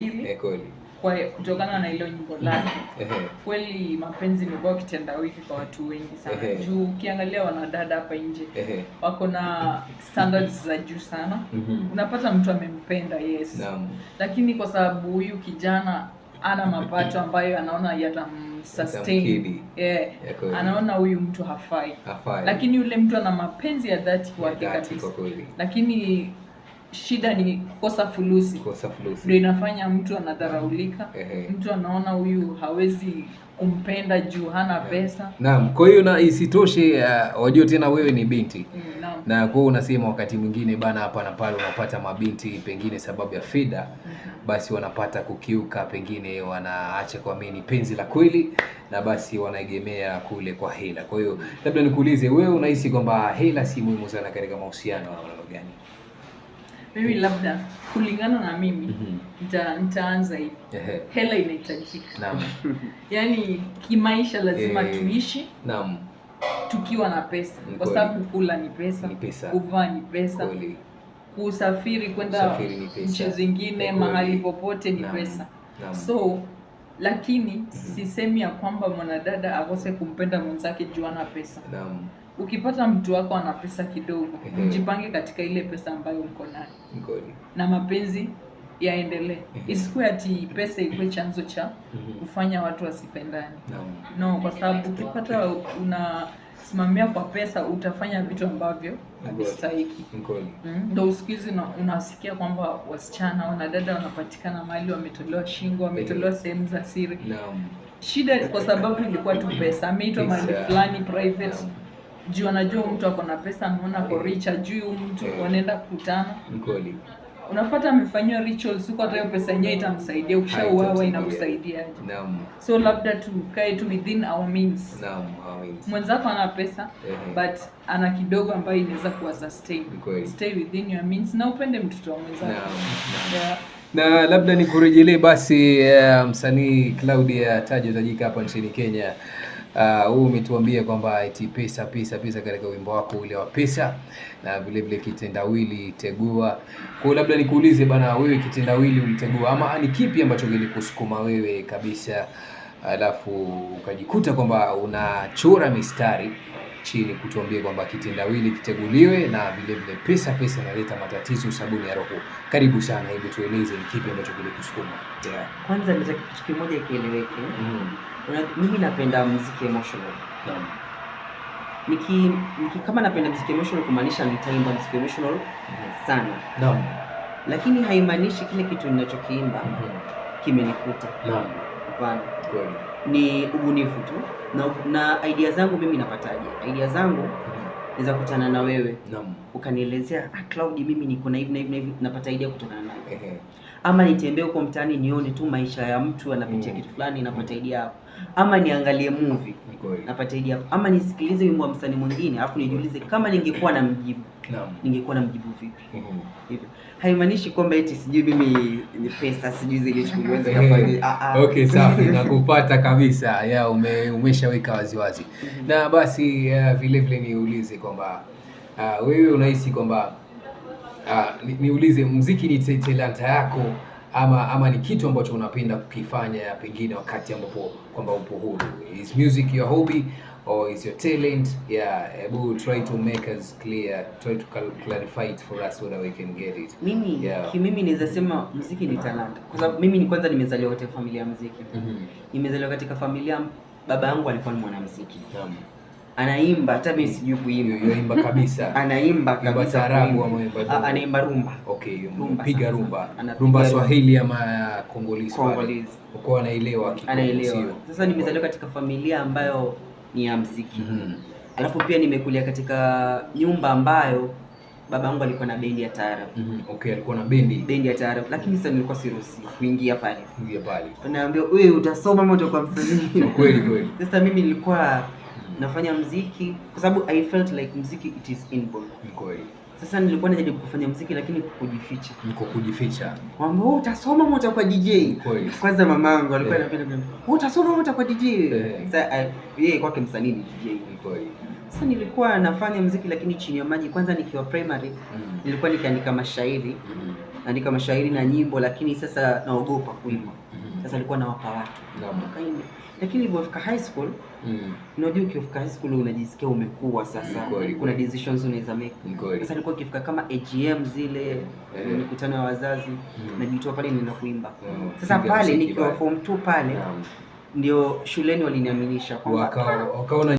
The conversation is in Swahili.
hivi eh, kwa kutokana na ilo nyimbo lake kweli, mapenzi imekuwa kitendawili kwa watu wengi sana juu ukiangalia wanadada hapa nje wako na standards za juu sana. Mhm. Unapata mtu amempenda, yes lakini kwa sababu huyu kijana ana mapato ambayo anaona yatam yeah. anaona huyu mtu hafai, hafai. Lakini yule mtu ana mapenzi ya dhati kwake kabisa, lakini shida ni kukosa fulusi, kukosa fulusi ndio inafanya mtu anadharaulika. Mtu anaona huyu hawezi kumpenda juu hana pesa. Naam, kwa hiyo na isitoshe, uh, wajua tena wewe ni binti mm, na kwa unasema wakati mwingine bana, hapa na pale unapata mabinti pengine sababu ya fida mm-hmm. basi wanapata kukiuka, pengine wanaacha kuamini penzi la kweli, na basi wanaegemea kule kwa hela. Kwa hiyo labda nikuulize wewe, unahisi kwamba hela si muhimu sana katika mahusiano au gani? mimi labda kulingana na mimi mhm. nitaanza hivi Hela inahitajika Yani kimaisha lazima eh. tuishi naam. tukiwa na pesa kwa sababu kula ni pesa, kuvaa ni pesa, kusafiri kwenda nchi zingine mahali popote ni pesa so lakini mm -hmm. sisemi ya kwamba mwanadada akose kumpenda mwenzake juana pesa naam ukipata mtu wako ana pesa kidogo, mjipange eh. katika ile pesa ambayo mko nayo na mapenzi yaendelee. Eh. Isikuwe ati pesa ikuwe chanzo cha mhm. kufanya watu wasipendane. No, no, kwa sababu ukipata unasimamia kwa pesa utafanya vitu ambavyo havistahiki. Mm-hmm. Ndo siku hizi unasikia kwamba wasichana, wanadada wanapatikana mali wametolewa shingo, wametolewa eh. sehemu za siri. Shida kwa sababu ilikuwa tu pesa, ameitwa mali fulani private juu anajua mtu ako na pesa, ameona kwa mm. rich, ajui mtu mm. wanaenda kukutana mkoli unapata amefanyiwa rituals huko, hata hiyo pesa yenyewe itamsaidia. Ukishauawa inakusaidiaje? Naam, so labda tukae tu within our means. Naam, our means. Mwenzako ana pesa but ana kidogo ambayo inaweza kuwa sustain. Stay within your means na upende mtoto wa mwenzako. Na labda nikurejelee basi uh, msanii Claudia Tajo tajika hapa nchini Kenya Ah, huu uh, umetuambia kwamba eti pesa pesa pesa katika wimbo wako ule wa pesa na vile vile kitendawili tegua. Kwa hiyo labda nikuulize bana, wewe kitendawili ulitegua ama ni kipi ambacho kilikusukuma wewe kabisa, alafu ukajikuta kwamba unachora mistari chini kutuambia kwamba kitendawili kiteguliwe, na vile vile pesa pesa inaleta matatizo, sabuni ya roho. Karibu sana, hebu tueleze ni kipi ambacho kilikusukuma? Yeah. Kwanza nataka kitu kimoja kieleweke. Mm. Mimi napenda muziki emotional. Naam. Niki, niki kama napenda muziki emotional kumaanisha nitaimba muziki emotional mm-hmm. sana. Naam. Lakini haimaanishi kile kitu ninachokiimba mm -hmm. kimenikuta. Naam hapana, ni ubunifu tu na, na idea zangu mimi napataje? Idea zangu mhm. naweza kutana na wewe Naam ukanielezea ah, Cloud, mimi niko na hivi na hivi napata idea kutokana naye okay. Ama nitembee huko mtaani nione tu maisha ya mtu anapitia mm. kitu fulani mm. napata idea hapo, ama niangalie movie okay. napata idea hapo, ama nisikilize wimbo wa msanii mwingine alafu nijiulize kama ningekuwa na mjibu no. ningekuwa na mjibu vipi? mm -hmm. Haimaanishi kwamba eti sijui mimi ni pesa sijui zile shughuli ah ah okay, safi nakupata kabisa ya ume, umeshaweka waziwazi mm -hmm. na basi uh, vile vile niulize kwamba uh, wewe unahisi kwamba uh, niulize ni mziki ni talanta yako ama ama ni kitu ambacho unapenda kukifanya pengine wakati ambapo kwamba upo huru? Is music your hobby or is your talent? Yeah, hebu try to make us clear, try to clarify it for us so that we can get it. Mimi yeah. Mimi naweza sema muziki ni talanta kwa sababu mimi ni kwanza nimezaliwa katika familia ya muziki. mm -hmm. Nimezaliwa katika familia, baba yangu alikuwa ni mwanamuziki. mm -hmm anaimba hata mimi sijui kuimba. Yoimba kabisa. Anaimba kabisa. Arabu ama imba. Anaimba rumba. Okay, rumba. Piga rumba. Rumba Swahili ama Kongolese. Kongolese. Uko anaelewa kitu. Anaelewa. Sasa nimezaliwa katika familia ambayo ni ya muziki. Mm -hmm. Alafu pia nimekulia katika nyumba ambayo baba yangu alikuwa na bendi ya taarabu. Mm -hmm. Okay, alikuwa na bendi. Bendi ya taarabu, lakini sasa nilikuwa siruhusi kuingia pale. Kuingia pale. Anaambia, "Wewe utasoma ama utakuwa msanii?" Kweli kweli. Sasa mimi nilikuwa nafanya mziki kwa sababu I felt like mziki it is inborn. kweli. Sasa nilikuwa najaribu kufanya muziki lakini kujificha. Niko kujificha. Kwamba wewe oh, utasoma au utakuwa DJ? Kwanza mamangu alikuwa yeah. anapenda kuniambia, "Wewe oh, utasoma au utakuwa DJ?" Eh. Sasa eh, yeye kwake msanii ni DJ ilikuwa hiyo. Sasa nilikuwa nafanya muziki lakini chini ya maji. Kwanza nikiwa primary mm. nilikuwa nikiandika mashairi. Mm. Naandika mashairi na nyimbo lakini sasa naogopa kuimba. Mm. Sasa nilikuwa nawapa watu. Naam. Lakini nilipofika high school mm. unajua ukifika high school unajisikia umekuwa sasa. Kuna decisions unaweza make. Sasa nilikuwa ikifika kama AGM zile eh. mikutano ya wazazi hmm. najitoa pale nina kuimba. Hmm. Sasa pale nikiwa form 2 pale ndio shuleni waliniaminisha kwamba